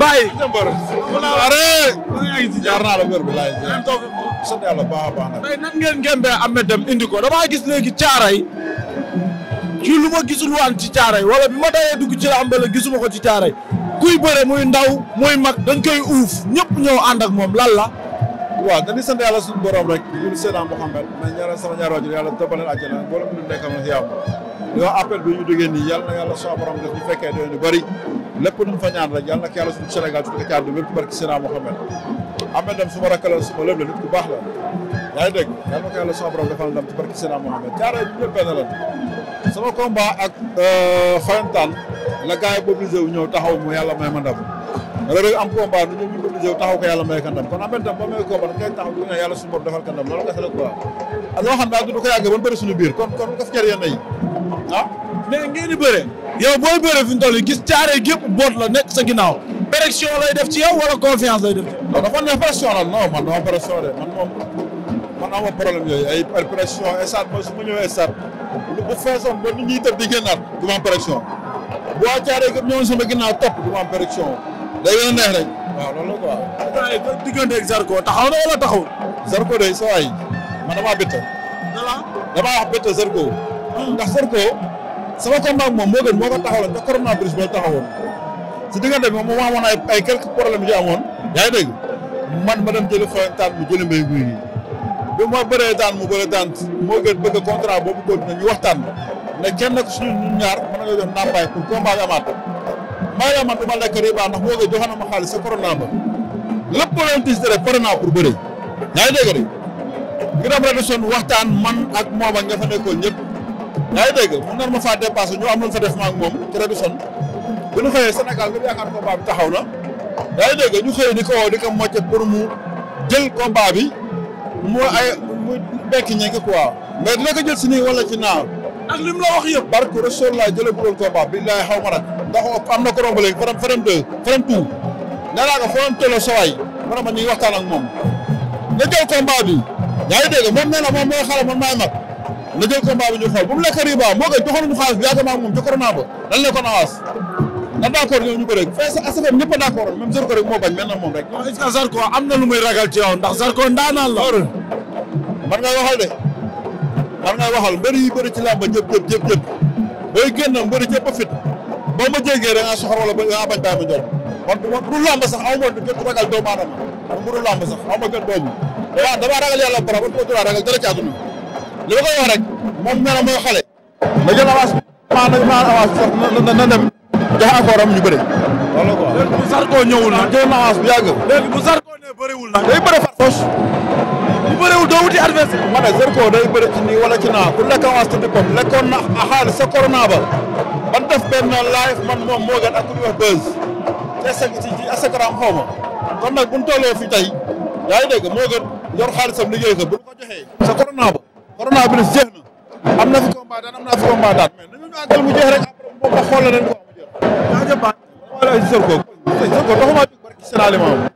Baye. jaar naa la wér a baax nag. tey ngeen ngembee Ahmed Deme indi ko damaa gis léegi caaray ci lu ma gisul waan ci caaray wala bi ma dawee dugg ci làmb la gisuma ko ci caaray kuy bëre muy ndaw muy mag dañ koy uuf ñëpp ñëw ànd ak moom lan la. waaw dañuy sant yàlla suñu borom rek ñun Seydina Mouhamed mais ñaareel sama ñaar waajur yàlla tëbbaleel àjjana boole mu nekk na si yàlla yow appel bi ñu déggee nii yàlla na yàlla soo fekkee doon ñu bëri lépp fa ñaan rek yàlla na ko yàlla suñu Sénégal ci dëkk àdduna bépp barki Seydina Mouhamed Ahmed Deme su ma rakkaloon su ma lépp la nit ku baax la yaa ngi dégg yàlla na ko yàlla soo borom defal la sama combat ak xoyantaan euh, la yi mobilisé wu ñëw taxaw mu yàlla may ma ndam ñëw taxaw ko yàlla may kandam kon am benn tam ba may kooban kay taxaw du ne yàlla suñu bopp defal kandam loolu kese la quoi ak loo xam daal du ko yàggee ban bëri suñu biir kon kon kas jar yéen nayi ah mais ngeen di bëre yow booy bëre fi ñu toll gis caaree gépp boot la nekk sa ginnaaw pression lay def def ci non dafa ne la non man dama pression de man moom man ama problème yooyu ay pression esat mooy su ma ñëwee esat lu ma am boo caaree gépp ñëwoon sama a waaw loolu quoi. waaye ba diggante ak Zarko taxaw na wala taxawul. Zarko ay sa waay man damaa bett. damaa wax bett Zarko. ndax Zarko sama combat ak moom moo gën moo ko taxawaloon te coronavirus ba taxawoon. si diggante bi moom moo amoon ay ay quelques problèmes yu amoon. yaa ngi man ma dem jëli xoyantaan mu jëli mbéy guy bi ma bëree daan mu bëree daan moo gën bëgg contrat boobu ko dina ñu waxtaan ne kenn nag suñu ñaar mën nga jox ndàmpaay pour combat bi amaat bàyyi man du ma lekk riba ndax moo ngi joxoon ma xaalis sa corona ba lépp leen tiis rek pare naa pour bëri yaa dégg de ngi dem rédaction waxtaan man ak moom ak nga fa nekkoon ñëpp yaa ngi dégg mu nar ma faa dépassé ñu am lu fa def ma moom ci rédaction bu ñu xëyee Sénégal nga yaakaar combat bi taxaw na yaa ngi dégg ñu xëyee di ko woo di ko mocce pour mu jël combat bi mu ay mu bekk ñeeg quoi mais dina ko jël si nii wala ci naaw ak lim la wax yëpp barke Rasulullah jëlee ndax am na ko romb léegi faram faram deux faram tout nee naa ko faram tolloo sa waay faram ñu ngi moom na jël combat bi yaa ngi dégg moom nee na moom mooy xale man maay mag na jël combat bi ñu xool bu mu lekk riba moo koy joxoon mu xaalis bi yàgg naa moom jokkoo naa ba lan la ko na d' rek a d' accord même Zarko moom rek. non est ce am na lu ragal ci yow ndax Zarko ndaanaan la. man ngay waxal de man ngay waxal mbër yi bëri ci làmba ñëpp ñëpp ñëpp ñëpp booy boo ma jéggee da ngaa soxor wala ba ngaa bañ bàyyi ma ñor man bu ma bu dul làmb sax aw ma gën ragal doomu aadama man bu dul làmb sax aw ma gën doomu dama dama ragal yàlla borom man dama ragal dara caatu na li ma koy wax rek moom nee na mooy xale na jël avance maanaam maanaam avance sax na na dem jox encore am ñu bëri wala quoi léegi bu Zarko ñëwul nag jël avance bu yàgg léegi bu Zarko ne bëriwul nag day bëri far fos bu bëriwul doo wuti adversaire ma ne Zarko day bëri ci nii wala ci naa ku lekk avance tuddi ko lekkoon na xaalis sa corona ba def benn live man moom moo gën ak ku ñuy wax buzz te ci Instagram xaw ma kon nag bu ñu tollee fi tey yaa ngi dégg moo gën yor liggéey ko bu ñu ko joxee sa corona ba corona bi jeex na am na fi combat daan am na fi combat daan mais nañu ñu àggal ba xool leen ko am jeex yaa jëpp baax wala ay sër ko